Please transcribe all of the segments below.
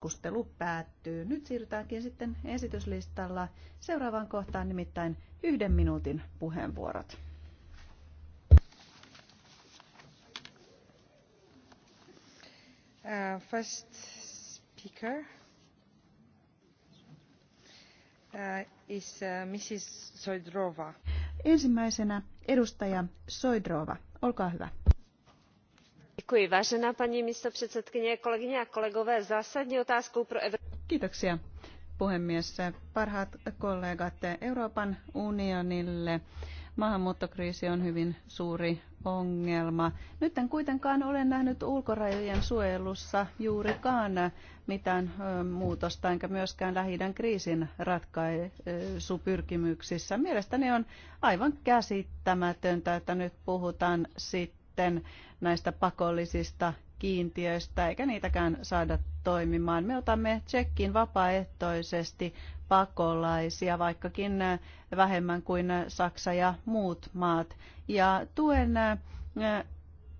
keskustelu päättyy. Nyt siirrytäänkin sitten esityslistalla seuraavaan kohtaan, nimittäin yhden minuutin puheenvuorot. Uh, first speaker uh, is uh, Mrs. Soidrova. Ensimmäisenä edustaja Soidrova. Olkaa hyvä vážená kolegyně a kolegové zásadní otázkou pro Kiitoksia puhemies. Parhaat kollegat, Euroopan unionille maahanmuuttokriisi on hyvin suuri ongelma. Nyt en kuitenkaan ole nähnyt ulkorajojen suojelussa juurikaan mitään muutosta, enkä myöskään lähi kriisin ratkaisupyrkimyksissä. Mielestäni on aivan käsittämätöntä, että nyt puhutaan sitten sitten näistä pakollisista kiintiöistä, eikä niitäkään saada toimimaan. Me otamme tsekkiin vapaaehtoisesti pakolaisia, vaikkakin vähemmän kuin Saksa ja muut maat. Ja tuen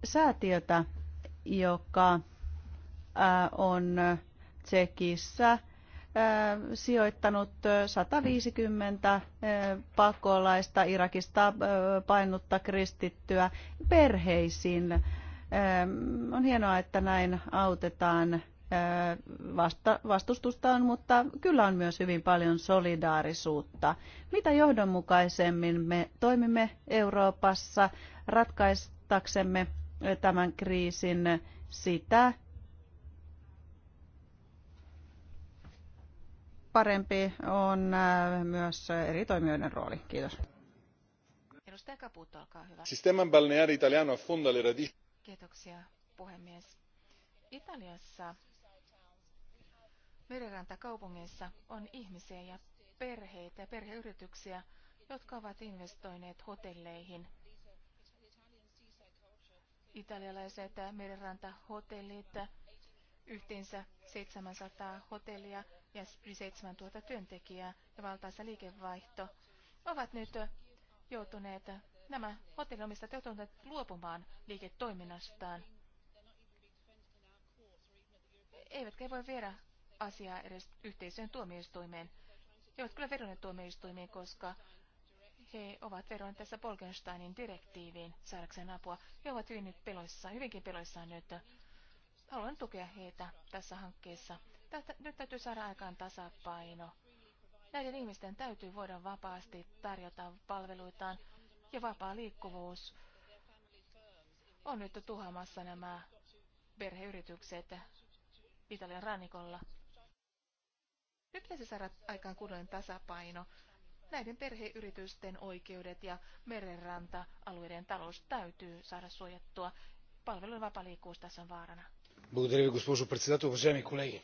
säätiötä, joka on Tsekissä sijoittanut 150 pakolaista Irakista painutta kristittyä perheisiin. On hienoa, että näin autetaan. Vasta, vastustusta on, mutta kyllä on myös hyvin paljon solidaarisuutta. Mitä johdonmukaisemmin me toimimme Euroopassa ratkaistaksemme tämän kriisin, sitä parempi on äh, myös eri toimijoiden rooli. Kiitos. Edustaja Caputo, olkaa hyvä. Sistema balneare italiano affonda le radici. Kiitoksia, puhemies. Italiassa merenrantakaupungeissa on ihmisiä ja perheitä ja perheyrityksiä, jotka ovat investoineet hotelleihin. Italialaiset merenrantahotellit, yhteensä 700 hotellia ja yli 7000 työntekijää ja valtaisa liikevaihto ovat nyt joutuneet, nämä hotellinomistajat joutuneet luopumaan liiketoiminnastaan. Eivätkä voi viedä asiaa edes yhteisöön tuomioistuimeen. He ovat kyllä vedonneet tuomioistuimiin, koska he ovat vedonneet tässä Bolkensteinin direktiiviin saadakseen apua. He ovat hyvin nyt peloissaan, hyvinkin peloissaan nyt. Haluan tukea heitä tässä hankkeessa. Tätä, nyt täytyy saada aikaan tasapaino. Näiden ihmisten täytyy voida vapaasti tarjota palveluitaan ja vapaa liikkuvuus on nyt tuhamassa nämä perheyritykset Italian rannikolla. Nyt pitäisi saada aikaan kunnollinen tasapaino. Näiden perheyritysten oikeudet ja merenranta-alueiden talous täytyy saada suojattua. Palvelujen vapaa liikkuvuus tässä on vaarana. Благодаря ви, госпожо председател. Уважаеми колеги,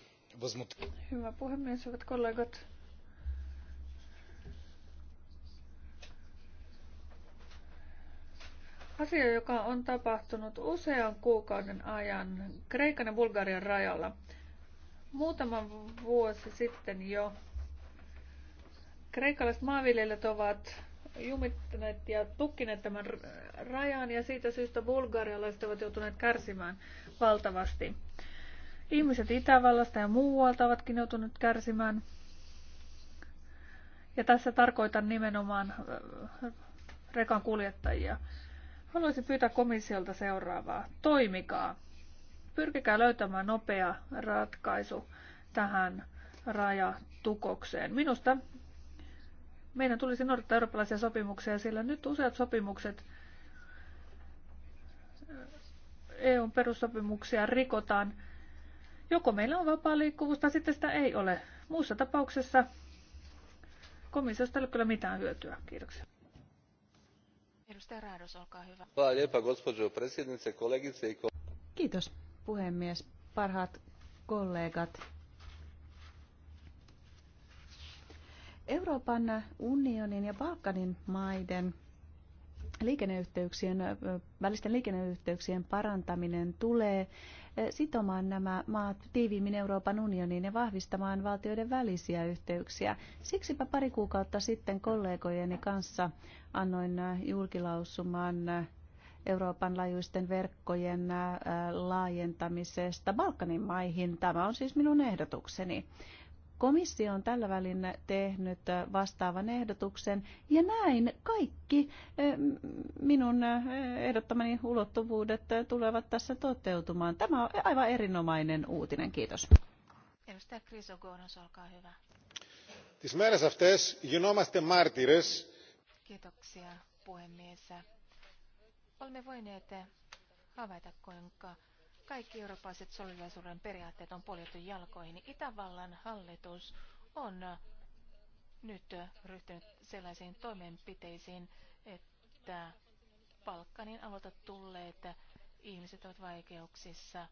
Hyvä puhemies, hyvät kollegat. Asia, joka on tapahtunut usean kuukauden ajan Kreikan ja Bulgarian rajalla. Muutama vuosi sitten jo kreikalaiset maanviljelijät ovat jumittaneet ja tukkineet tämän rajan ja siitä syystä bulgarialaiset ovat joutuneet kärsimään valtavasti. Ihmiset Itävallasta ja muualta ovatkin joutuneet kärsimään. Ja tässä tarkoitan nimenomaan rekan kuljettajia. Haluaisin pyytää komissiolta seuraavaa. Toimikaa. Pyrkikää löytämään nopea ratkaisu tähän rajatukokseen. Minusta meidän tulisi noudattaa eurooppalaisia sopimuksia, sillä nyt useat sopimukset EUn perussopimuksia rikotaan Joko meillä on vapaa liikkuvuus tai sitten sitä ei ole. Muussa tapauksessa komissiosta ei ole kyllä mitään hyötyä. Kiitoksia. Edustaja Raados, olkaa hyvä. Kiitos puhemies. Parhaat kollegat. Euroopan unionin ja Balkanin maiden liikenneyhteyksien, välisten liikenneyhteyksien parantaminen tulee sitomaan nämä maat tiiviimmin Euroopan unioniin ja vahvistamaan valtioiden välisiä yhteyksiä. Siksipä pari kuukautta sitten kollegojeni kanssa annoin julkilausuman Euroopan laajuisten verkkojen laajentamisesta Balkanin maihin. Tämä on siis minun ehdotukseni. Komissio on tällä välin tehnyt vastaavan ehdotuksen ja näin kaikki minun ehdottamani ulottuvuudet tulevat tässä toteutumaan. Tämä on aivan erinomainen uutinen. Kiitos. Edustaja Krisogonos, olkaa hyvä. Τις μέρες αυτές γινόμαστε μάρτυρες. Kiitoksia, puhemies. Olemme voineet havaita, kuinka kaikki eurooppalaiset solidaisuuden periaatteet on poljettu jalkoihin. Niin Itävallan hallitus on äh, nyt äh, ryhtynyt sellaisiin toimenpiteisiin, että Balkanin alueelta tulleet ihmiset ovat vaikeuksissa.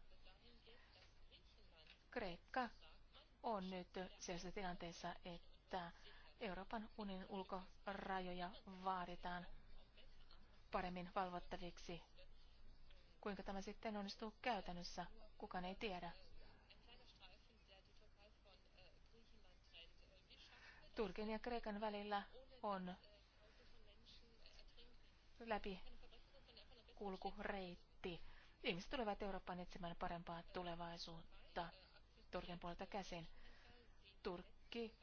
Kreikka on nyt sellaisessa tilanteessa, että Euroopan unionin ulkorajoja vaaditaan paremmin valvottaviksi Kuinka tämä sitten onnistuu käytännössä, kukaan ei tiedä. Turkin ja Kreikan välillä on läpi kulkureitti. Ihmiset tulevat Eurooppaan etsimään parempaa tulevaisuutta Turkin puolelta käsin. Turkki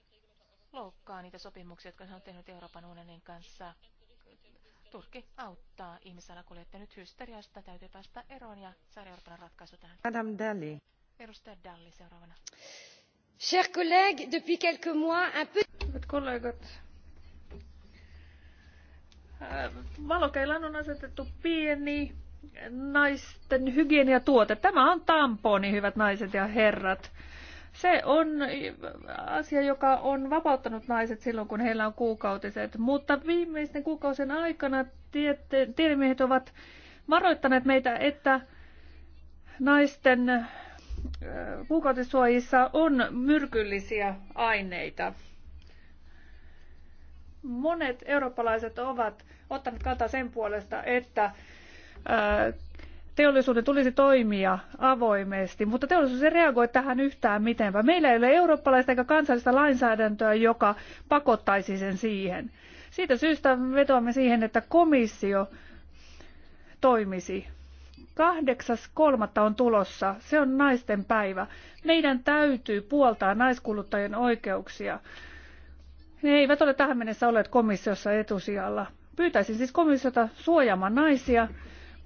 loukkaa niitä sopimuksia, jotka hän on tehnyt Euroopan unionin kanssa. Turkki auttaa ihmisalakuljettajia. Nyt hysteriasta täytyy päästä eroon ja saada Euroopan ratkaisu tähän. Madame Dalli. Edustaja Dalli seuraavana. Chers collègues, depuis quelques mois, un peu... Hyvät kollegat, äh, valokeilan on asetettu pieni naisten hygieniatuote. Tämä on tamponi, hyvät naiset ja herrat. Se on asia, joka on vapauttanut naiset silloin, kun heillä on kuukautiset, mutta viimeisten kuukausien aikana tiedemiehet ovat varoittaneet meitä, että naisten kuukautissuojissa on myrkyllisiä aineita. Monet eurooppalaiset ovat ottaneet kantaa sen puolesta, että teollisuuden tulisi toimia avoimesti, mutta teollisuus ei reagoi tähän yhtään mitenpä. Meillä ei ole eurooppalaista eikä kansallista lainsäädäntöä, joka pakottaisi sen siihen. Siitä syystä vetoamme siihen, että komissio toimisi. 8.3. on tulossa. Se on naisten päivä. Meidän täytyy puoltaa naiskuluttajien oikeuksia. Ne eivät ole tähän mennessä olleet komissiossa etusijalla. Pyytäisin siis komissiota suojaamaan naisia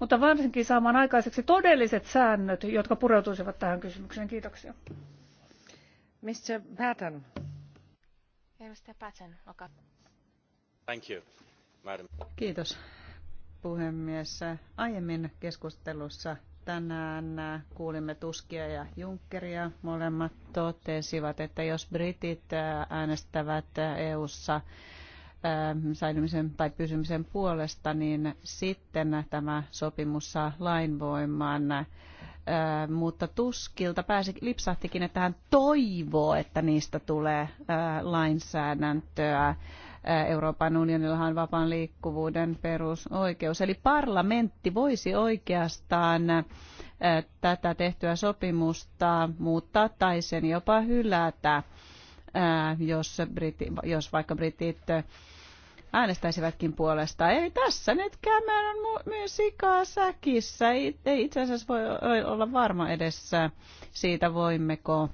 mutta varsinkin saamaan aikaiseksi todelliset säännöt, jotka pureutuisivat tähän kysymykseen. Kiitoksia. Mr. Patton. Edustaja Patton, olkaa. Thank you, madam. Kiitos, puhemies. Aiemmin keskustelussa tänään kuulimme Tuskia ja Junckeria. Molemmat totesivat, että jos britit äänestävät EU:ssa Ähm, säilymisen tai pysymisen puolesta, niin sitten tämä sopimus saa lainvoimaan. Äh, mutta tuskilta pääsi, lipsahtikin, että hän toivoo, että niistä tulee äh, lainsäädäntöä. Äh, Euroopan unionillahan on vapaan liikkuvuuden perusoikeus. Eli parlamentti voisi oikeastaan tätä tehtyä sopimusta muuttaa tai sen jopa hylätä jos, Briti, jos vaikka britit äänestäisivätkin puolesta. Ei tässä nyt kämään on myös sikaa säkissä. Ei, ei itse asiassa voi olla varma edessä siitä, voimmeko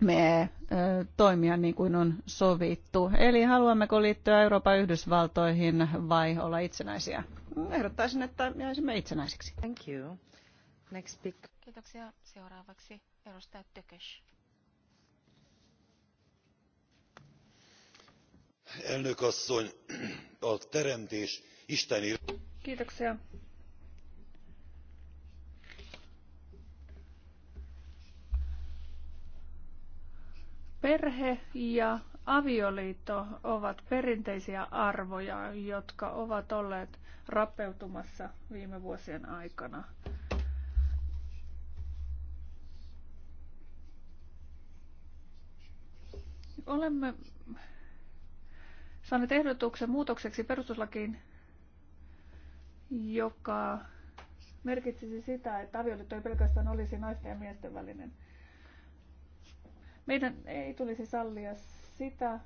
me ö, toimia niin kuin on sovittu. Eli haluammeko liittyä Euroopan Yhdysvaltoihin vai olla itsenäisiä? Ehdottaisin, että jäisimme itsenäisiksi. Thank you. Next pick. Kiitoksia. Seuraavaksi edustaja Tökes. Elnök asszony, a teremtés isteni. Kiitoksia. Perhe ja avioliitto ovat perinteisiä arvoja, jotka ovat olleet rappeutumassa viime vuosien aikana. Olemme saaneet ehdotuksen muutokseksi perustuslakiin, joka merkitsisi sitä, että avioliitto ei pelkästään olisi naisten ja miesten välinen. Meidän ei tulisi sallia sitä,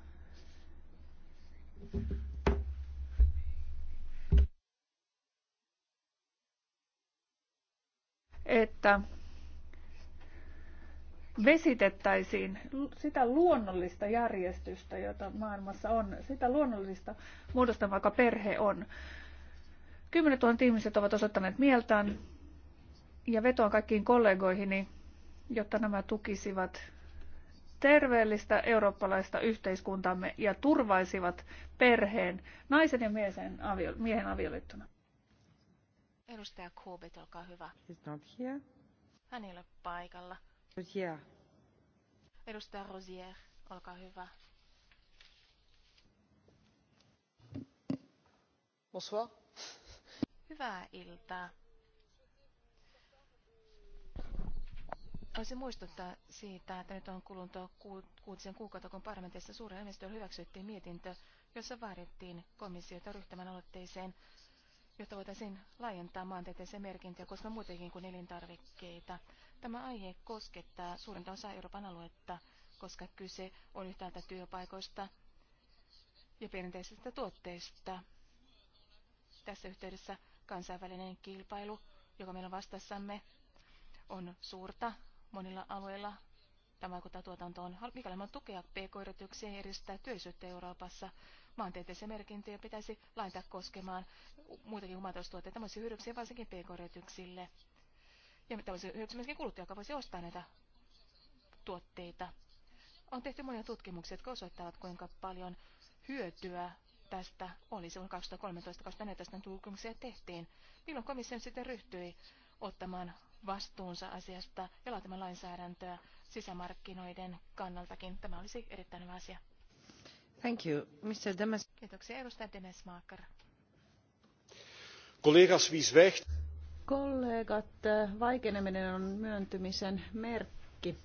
että vesitettäisiin sitä luonnollista järjestystä, jota maailmassa on, sitä luonnollista muodosta, vaikka perhe on. Kymmenet tuhannet ihmiset ovat osoittaneet mieltään ja vetoan kaikkiin kollegoihini, jotta nämä tukisivat terveellistä eurooppalaista yhteiskuntamme ja turvaisivat perheen, naisen ja miehen, avio, miehen avioliittona. Edustaja Kuubit, olkaa hyvä. He's not here. Hän ei ole paikalla. Rosier. Edustaja Rosier, olkaa hyvä. Bonsoir. Hyvää iltaa. Voisin muistuttaa siitä, että nyt on kulunut kuutisen kuukautta, kun parlamentissa suuren enemmistöllä hyväksyttiin mietintö, jossa vaadittiin komissiota ryhtymään aloitteeseen, jotta voitaisiin laajentaa maantieteeseen merkintöjä koska muutenkin kuin elintarvikkeita. Tämä aihe koskettaa suurinta osaa Euroopan aluetta, koska kyse on yhtäältä työpaikoista ja perinteisistä tuotteista. Tässä yhteydessä kansainvälinen kilpailu, joka meillä on vastassamme, on suurta monilla alueilla. Tämä vaikuttaa tuotantoon. Mikäli me tukea pk-yrityksiä järjestää työllisyyttä Euroopassa, maantieteellisiä merkintöjä pitäisi laittaa koskemaan muitakin humanitaarisia tämmöisiä hyödyksiä varsinkin pk-yrityksille. Ja tämä olisi myöskin kuluttaja, joka voisi ostaa näitä tuotteita. On tehty monia tutkimuksia, jotka osoittavat, kuinka paljon hyötyä tästä oli silloin 2013-2014 tutkimuksia tehtiin. Milloin komissio sitten ryhtyi ottamaan vastuunsa asiasta ja laatimaan lainsäädäntöä sisämarkkinoiden kannaltakin. Tämä olisi erittäin hyvä asia. Thank you. Mr. Demes. Kiitoksia, edustaja Demesmaker. Collega's, wie zwijgt kollegat, vaikeneminen on myöntymisen merkki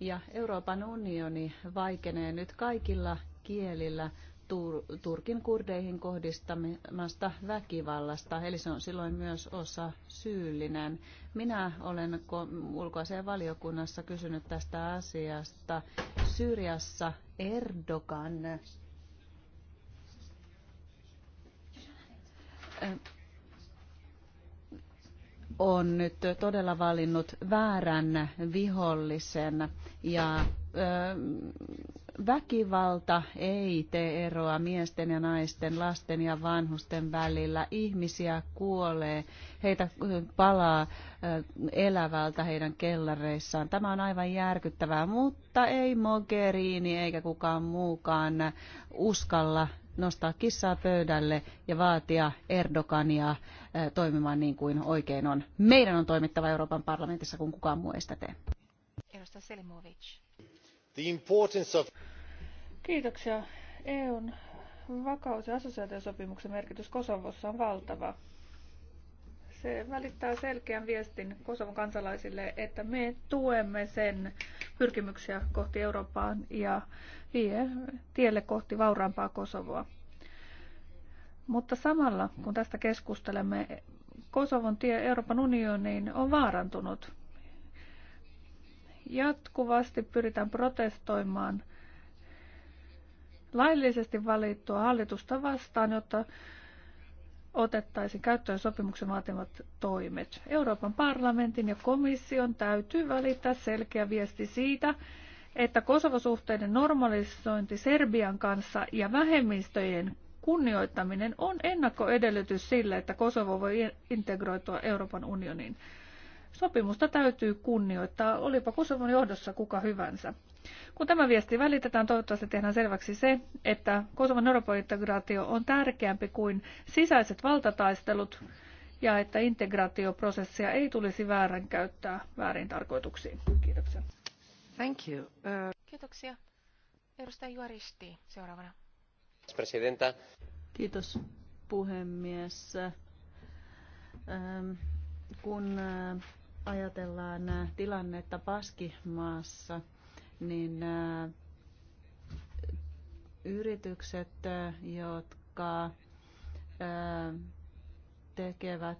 ja Euroopan unioni vaikenee nyt kaikilla kielillä Tur- Turkin kurdeihin kohdistamasta väkivallasta, eli se on silloin myös osa syyllinen. Minä olen ulkoiseen valiokunnassa kysynyt tästä asiasta. Syyriassa Erdogan on nyt todella valinnut väärän vihollisen ja väkivalta ei tee eroa miesten ja naisten, lasten ja vanhusten välillä. Ihmisiä kuolee, heitä palaa elävältä heidän kellareissaan. Tämä on aivan järkyttävää, mutta ei Mogherini eikä kukaan muukaan uskalla nostaa kissaa pöydälle ja vaatia Erdogania äh, toimimaan niin kuin oikein on. Meidän on toimittava Euroopan parlamentissa, kun kukaan muu ei sitä tee. Kiitoksia. EUn vakaus- ja assosiaatiosopimuksen merkitys Kosovossa on valtava. Se välittää selkeän viestin Kosovon kansalaisille, että me tuemme sen pyrkimyksiä kohti Eurooppaan ja vie tielle kohti vauraampaa Kosovoa. Mutta samalla, kun tästä keskustelemme, Kosovon tie Euroopan unioniin on vaarantunut. Jatkuvasti pyritään protestoimaan laillisesti valittua hallitusta vastaan, jotta otettaisiin käyttöön sopimuksen vaatimat toimet. Euroopan parlamentin ja komission täytyy välittää selkeä viesti siitä, että suhteiden normalisointi Serbian kanssa ja vähemmistöjen kunnioittaminen on ennakkoedellytys sille, että Kosovo voi integroitua Euroopan unioniin. Sopimusta täytyy kunnioittaa, olipa Kosovon johdossa kuka hyvänsä. Kun tämä viesti välitetään, toivottavasti tehdään selväksi se, että Kosovon Euroopan integraatio on tärkeämpi kuin sisäiset valtataistelut ja että integraatioprosessia ei tulisi väärinkäyttää väärin tarkoituksiin. Kiitoksia. Thank you. Uh... Kiitoksia. Edustaja Juaristi seuraavana. Presidenta. Kiitos puhemies. Ähm, kun äh, ajatellaan äh, tilannetta Paskimaassa, niin äh, yritykset, jotka tekevät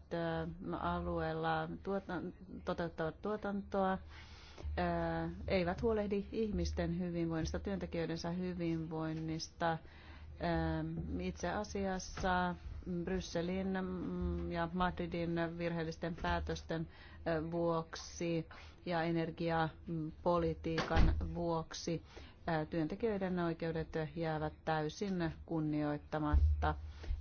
alueella tuotan, toteuttavat tuotantoa, eivät huolehdi ihmisten hyvinvoinnista, työntekijöidensä hyvinvoinnista. Itse asiassa Brysselin mm, ja Madridin virheellisten päätösten vuoksi ja energiapolitiikan vuoksi työntekijöiden oikeudet jäävät täysin kunnioittamatta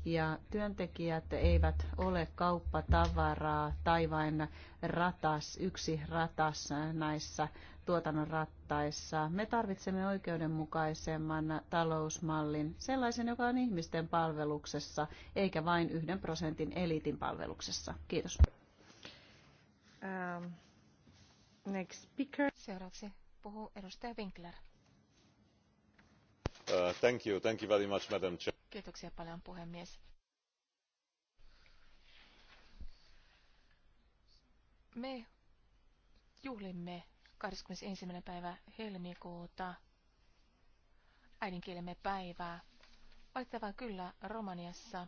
ja työntekijät eivät ole kauppatavaraa tai vain ratas, yksi ratas näissä tuotannon rattaissa. Me tarvitsemme oikeudenmukaisemman talousmallin, sellaisen, joka on ihmisten palveluksessa, eikä vain yhden prosentin eliitin palveluksessa. Kiitos. Um, next speaker. Seuraavaksi puhuu edustaja Winkler. Uh, thank you, thank you very much, Madam Chair. Kiitoksia paljon puhemies. Me juhlimme 21. päivä helmikuuta äidinkielemme päivää. Valitettavaa kyllä Romaniassa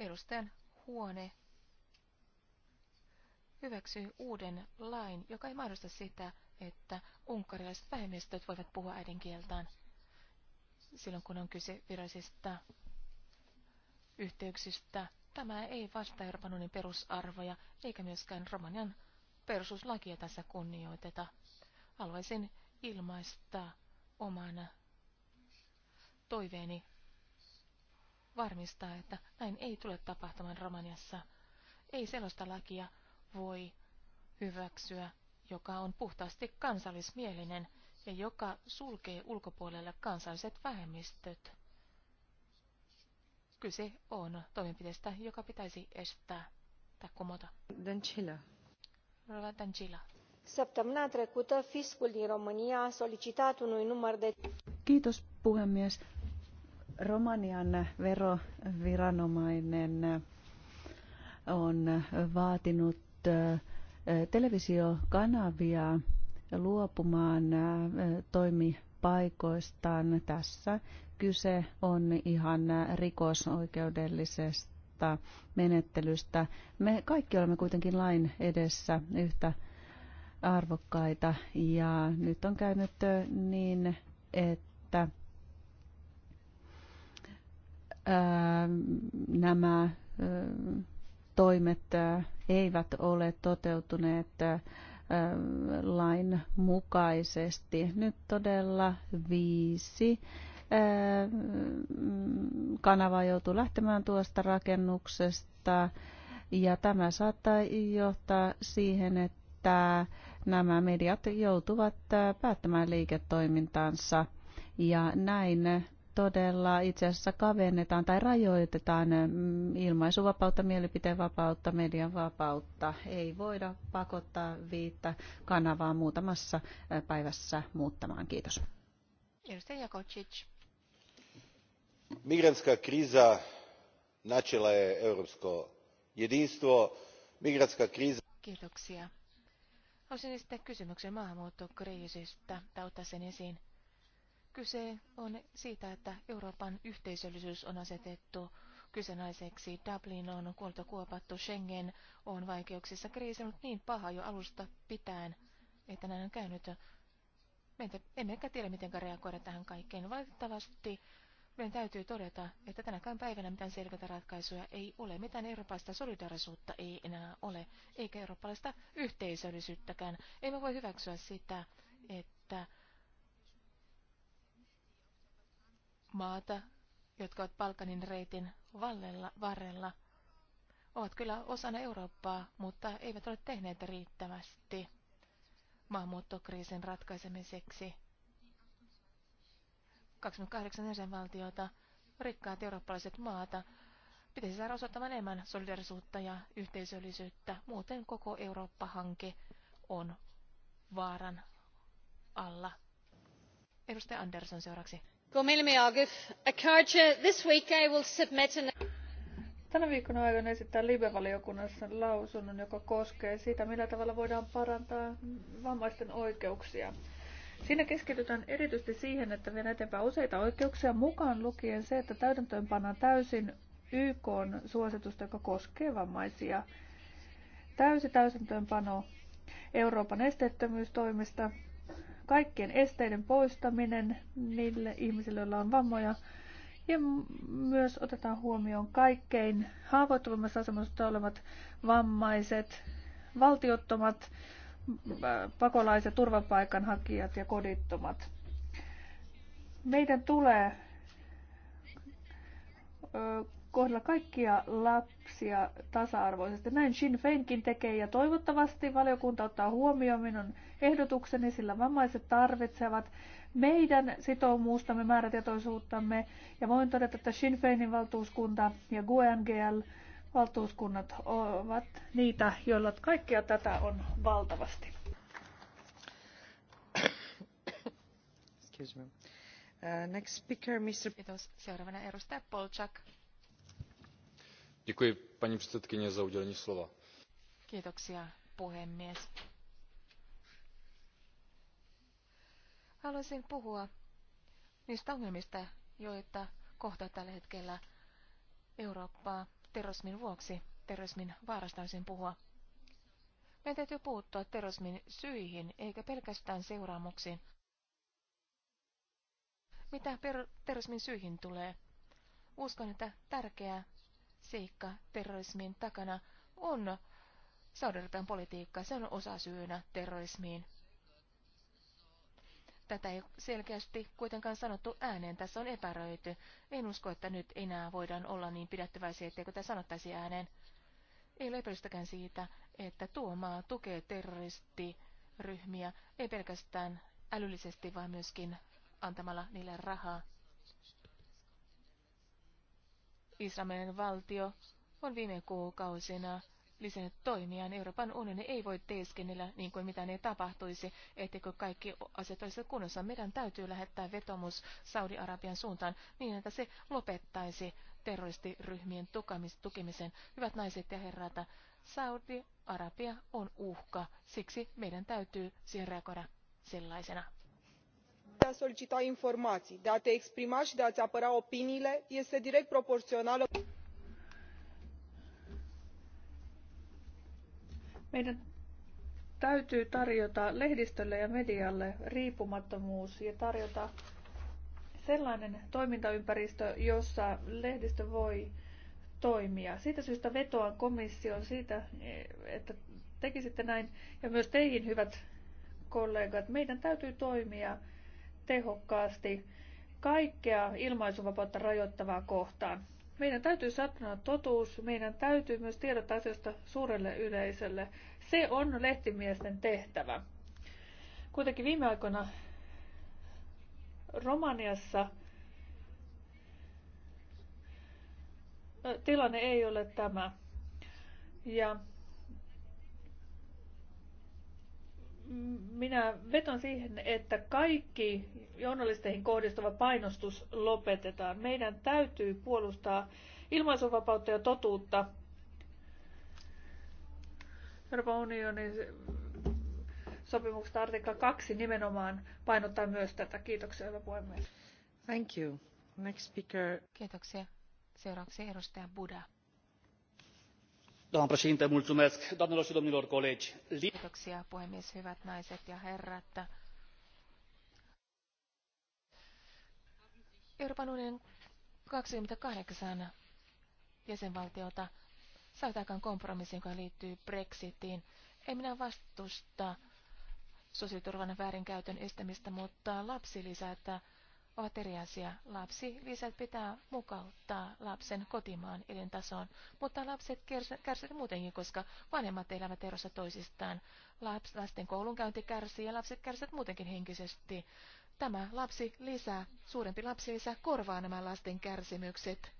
edustajan huone hyväksyi uuden lain, joka ei mahdollista sitä, että unkarilaiset vähemmistöt voivat puhua äidinkieltään silloin, kun on kyse virallisista yhteyksistä. Tämä ei vastaa Euroopan unionin perusarvoja, eikä myöskään Romanian perustuslakia tässä kunnioiteta. Haluaisin ilmaista oman toiveeni varmistaa, että näin ei tule tapahtumaan Romaniassa. Ei sellaista lakia voi hyväksyä, joka on puhtaasti kansallismielinen ja joka sulkee ulkopuolelle kansalliset vähemmistöt. Kyse on toimenpiteestä, joka pitäisi estää tai kumota. Dancila. Rova Dancila. Săptămâna trecută, fiscul din România a solicitat unui număr de... Kiitos, puhemies. Romanian veroviranomainen on vaatinut äh, televisiokanavia luopumaan toimipaikoistaan. Tässä kyse on ihan rikosoikeudellisesta menettelystä. Me kaikki olemme kuitenkin lain edessä yhtä arvokkaita ja nyt on käynyt niin, että nämä toimet eivät ole toteutuneet lain mukaisesti. Nyt todella viisi kanava joutuu lähtemään tuosta rakennuksesta ja tämä saattaa johtaa siihen, että nämä mediat joutuvat päättämään liiketoimintansa ja näin todella itse asiassa kavennetaan tai rajoitetaan mm, ilmaisuvapautta, mielipiteenvapautta, median vapautta. Ei voida pakottaa viittä kanavaa muutamassa päivässä muuttamaan. Kiitos. Edustaja Jakocic. Migrantska kriza načela je europsko jedinstvo. Migrantska kriza... Kiitoksia. Olisin sitten kysymyksen maahanmuuttokriisistä Tämä ottaa sen esiin. Kyse on siitä, että Euroopan yhteisöllisyys on asetettu kyseenalaiseksi. Dublin on kuolta kuopattu, Schengen on vaikeuksissa. kriisinut niin paha jo alusta pitäen, että näin on käynyt. Meitä, emmekä tiedä, miten reagoida tähän kaikkeen. Valitettavasti meidän täytyy todeta, että tänäkään päivänä mitään selkeitä ratkaisuja ei ole, mitään eurooppalaista solidarisuutta ei enää ole, eikä eurooppalaista yhteisöllisyyttäkään. Emme voi hyväksyä sitä, että maata, jotka ovat Balkanin reitin vallella, varrella, ovat kyllä osana Eurooppaa, mutta eivät ole tehneet riittävästi maahanmuuttokriisin ratkaisemiseksi. 28 jäsenvaltiota, rikkaat eurooppalaiset maata, pitäisi saada osoittamaan enemmän solidarisuutta ja yhteisöllisyyttä. Muuten koko Eurooppa-hanke on vaaran alla. Edustaja Andersson seuraavaksi. Tänä viikon aikana esittää Libe-valiokunnassa lausunnon, joka koskee sitä, millä tavalla voidaan parantaa vammaisten oikeuksia. Siinä keskitytään erityisesti siihen, että viedään eteenpäin useita oikeuksia, mukaan lukien se, että täytäntöön pannaan täysin YK suositusta, joka koskee vammaisia. Täysi täytäntöönpano Euroopan esteettömyystoimista kaikkien esteiden poistaminen niille ihmisille, joilla on vammoja. Ja myös otetaan huomioon kaikkein haavoittuvimmassa asemassa olevat vammaiset, valtiottomat, pakolaiset, turvapaikanhakijat ja kodittomat. Meidän tulee kohdella kaikkia lapsia tasa-arvoisesti. Näin Sinn Feinkin tekee ja toivottavasti valiokunta ottaa huomioon minun ehdotukseni, sillä vammaiset tarvitsevat meidän sitoumustamme, määrätietoisuuttamme ja voin todeta, että Sinn Feinin valtuuskunta ja GNGL valtuuskunnat ovat niitä, joilla kaikkia tätä on valtavasti. Excuse me. Uh, next speaker, Mr. Kiitos. Seuraavana edustaja Polchak paní předsedající Kiitoksia puhemies. Haluaisin puhua niistä ongelmista, joita kohtaa tällä hetkellä Eurooppaa terrorismin vuoksi. Terrorismin vaarasta haluaisin puhua. Meidän täytyy puuttua terrorismin syihin, eikä pelkästään seuraamuksiin. Mitä terrorismin syihin tulee? Uskon, että tärkeää seikka terrorismin takana on Saudarabian politiikka. Se on osa syynä terrorismiin. Tätä ei selkeästi kuitenkaan sanottu ääneen. Tässä on epäröity. En usko, että nyt enää voidaan olla niin pidättyväisiä, etteikö tämä sanottaisi ääneen. Ei ole epäilystäkään siitä, että tuo maa tukee terroristiryhmiä, ei pelkästään älyllisesti, vaan myöskin antamalla niille rahaa. Israelin valtio on viime kuukausina lisännyt toimiaan. Euroopan unioni ei voi teeskennellä niin kuin mitä ne tapahtuisi, etteikö kaikki asiat olisivat kunnossa. Meidän täytyy lähettää vetomus Saudi-Arabian suuntaan niin, että se lopettaisi terroristiryhmien tukemisen. Hyvät naiset ja herrat, Saudi-Arabia on uhka, siksi meidän täytyy siihen reagoida sellaisena de a solicita informații de a te exprima și de a ți apăra opiniile este direct proporțională Meidän täytyy tarjota lehdistölle ja medialle riippumattomuus ja tarjota sellainen toimintaympäristö, jossa lehdistö voi toimia. Siitä syystä vetoan komission siitä, että tekisitte näin, ja myös teihin, hyvät kollegat. Meidän täytyy toimia tehokkaasti kaikkea ilmaisuvapautta rajoittavaa kohtaan. Meidän täytyy sanoa totuus, meidän täytyy myös tiedottaa asioista suurelle yleisölle. Se on lehtimiesten tehtävä. Kuitenkin viime aikoina Romaniassa tilanne ei ole tämä. Ja minä veton siihen, että kaikki journalisteihin kohdistuva painostus lopetetaan. Meidän täytyy puolustaa ilmaisuvapautta ja totuutta. Euroopan unionin sopimuksesta artikla 2 nimenomaan painottaa myös tätä. Kiitoksia, hyvä puhemies. Thank you. Next speaker. Kiitoksia. Seuraavaksi edustaja Buda doamnă președintă doamnelor și domnilor colegi kiitoksia puhemies hyvät naiset ja herrat euroopan unionin kaksikymmentäkahdeksan jäsenvaltiota saivat aikaan kompromissin joka liittyy brexitiin. en minä vastusta sosiaaliturvan väärinkäytön estämistä mutta lapsilisät ovat eri asia. Lapsi lisät pitää mukauttaa lapsen kotimaan elintasoon, mutta lapset kärsivät muutenkin, koska vanhemmat elävät erossa toisistaan. Laps, lasten koulunkäynti kärsii ja lapset kärsivät muutenkin henkisesti. Tämä lapsi lisää, suurempi lapsi lisää korvaa nämä lasten kärsimykset.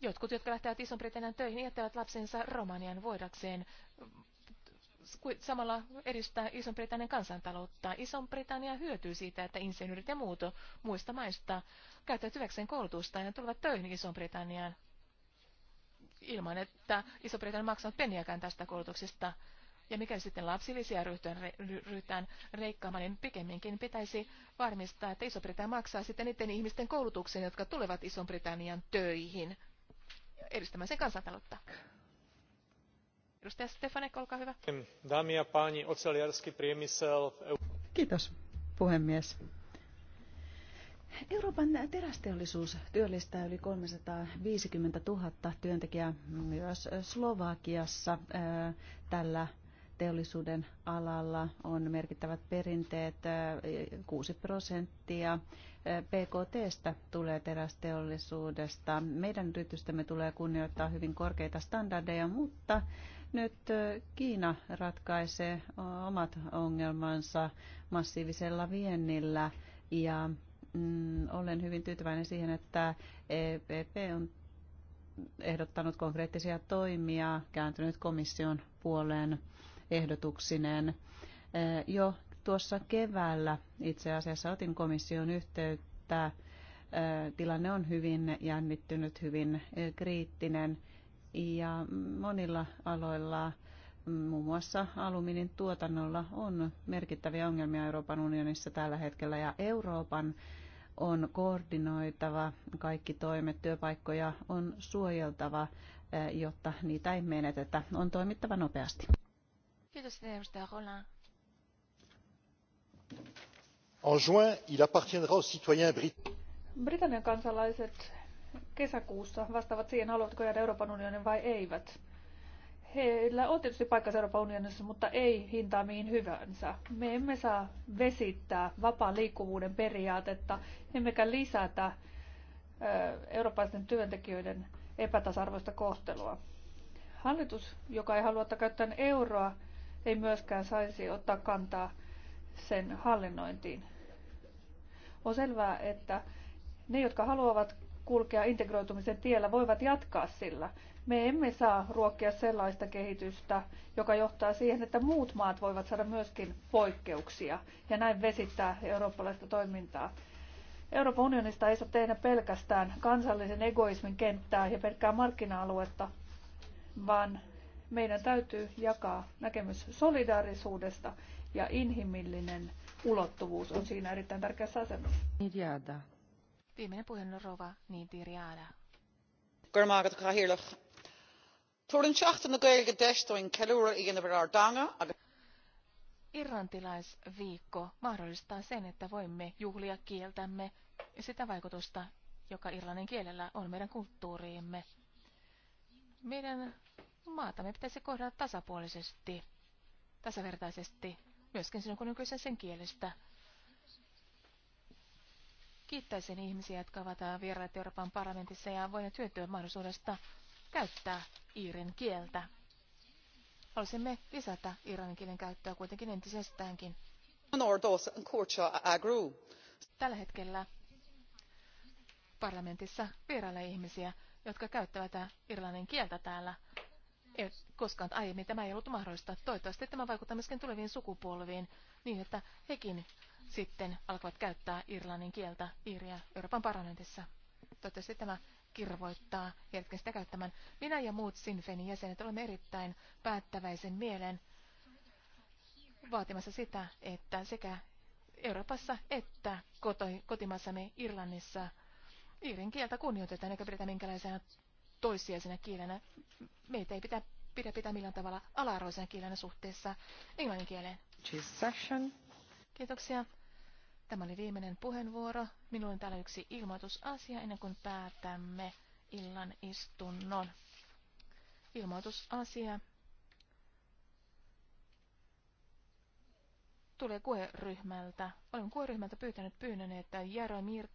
Jotkut, jotka lähtevät Ison-Britannian töihin, jättävät lapsensa Romanian voidakseen samalla edistää Ison-Britannian kansantaloutta. Ison-Britannia hyötyy siitä, että insinöörit ja muut muista maista käyttävät hyväkseen koulutusta ja tulevat töihin Ison-Britanniaan ilman, että Iso-Britannia maksaa peniäkään tästä koulutuksesta. Ja mikäli sitten lapsilisiä ryhdytään reikkaamaan, niin pikemminkin pitäisi varmistaa, että Iso-Britannia maksaa sitten niiden ihmisten koulutuksen, jotka tulevat Iso-Britannian töihin edistämään sen kansantaloutta. Edustaja hyvä. Kiitos, puhemies. Euroopan terästeollisuus työllistää yli 350 000 työntekijää myös Slovakiassa. Tällä teollisuuden alalla on merkittävät perinteet. 6 prosenttia PKTstä tulee terästeollisuudesta. Meidän yritystämme tulee kunnioittaa hyvin korkeita standardeja, mutta nyt Kiina ratkaisee omat ongelmansa massiivisella viennillä ja mm, olen hyvin tyytyväinen siihen, että EPP on ehdottanut konkreettisia toimia, kääntynyt komission puoleen ehdotuksineen. Jo tuossa keväällä itse asiassa otin komission yhteyttä. Tilanne on hyvin jännittynyt, hyvin kriittinen ja monilla aloilla muun muassa alumiinin tuotannolla on merkittäviä ongelmia Euroopan unionissa tällä hetkellä ja Euroopan on koordinoitava kaikki toimet, työpaikkoja on suojeltava, eh, jotta niitä ei menetetä. On toimittava nopeasti. Kiitos, edustaja Roland. En juin, il appartiendra aux citoyens britanniques. Britannian kansalaiset kesäkuussa vastaavat siihen, haluavatko jäädä Euroopan unionin vai eivät. Heillä on tietysti paikka Euroopan unionissa, mutta ei hintaa mihin hyvänsä. Me emme saa vesittää vapaan liikkuvuuden periaatetta, emmekä lisätä eurooppalaisten työntekijöiden epätasarvoista kohtelua. Hallitus, joka ei halua käyttää euroa, ei myöskään saisi ottaa kantaa sen hallinnointiin. On selvää, että ne, jotka haluavat kulkea integroitumisen tiellä, voivat jatkaa sillä. Me emme saa ruokkia sellaista kehitystä, joka johtaa siihen, että muut maat voivat saada myöskin poikkeuksia ja näin vesittää eurooppalaista toimintaa. Euroopan unionista ei saa tehdä pelkästään kansallisen egoismin kenttää ja pelkkää markkina-aluetta, vaan meidän täytyy jakaa näkemys solidaarisuudesta ja inhimillinen ulottuvuus on siinä erittäin tärkeässä asemassa. Viimeinen puheen on Rova Niintiriada. Irlantilaisviikko mahdollistaa sen, että voimme juhlia kieltämme ja sitä vaikutusta, joka irlannin kielellä on meidän kulttuuriimme. Meidän maatamme pitäisi kohdata tasapuolisesti, tasavertaisesti, myöskin sinun kun nykyisen sen kielestä – kiittäisin ihmisiä, jotka ovat äh, vieraat Euroopan parlamentissa ja voineet hyötyä mahdollisuudesta käyttää iirin kieltä. Haluaisimme lisätä iirin kielen käyttöä kuitenkin entisestäänkin. Tällä hetkellä parlamentissa vierailee ihmisiä, jotka käyttävät äh, irlannin kieltä täällä. Ei koskaan aiemmin tämä ei ollut mahdollista. Toivottavasti tämä vaikuttaa myöskin tuleviin sukupolviin niin, että hekin sitten alkoivat käyttää irlannin kieltä Iiriä Euroopan parlamentissa. Toivottavasti tämä kirvoittaa hetken sitä käyttämään. Minä ja muut Sinfenin jäsenet olemme erittäin päättäväisen mielen vaatimassa sitä, että sekä Euroopassa että kotimaassamme Irlannissa Iirin kieltä kunnioitetaan eikä pidetä minkälaisena toissijaisena kielenä. Meitä ei pitää, pidä pitää millään tavalla ala-arvoisena kielenä suhteessa englannin kieleen. Kiitoksia. Tämä oli viimeinen puheenvuoro. Minulla on täällä yksi ilmoitusasia ennen kuin päätämme illan istunnon. Ilmoitusasia tulee kueryhmältä. Olen kueryhmältä pyytänyt pyynnön, että Mirko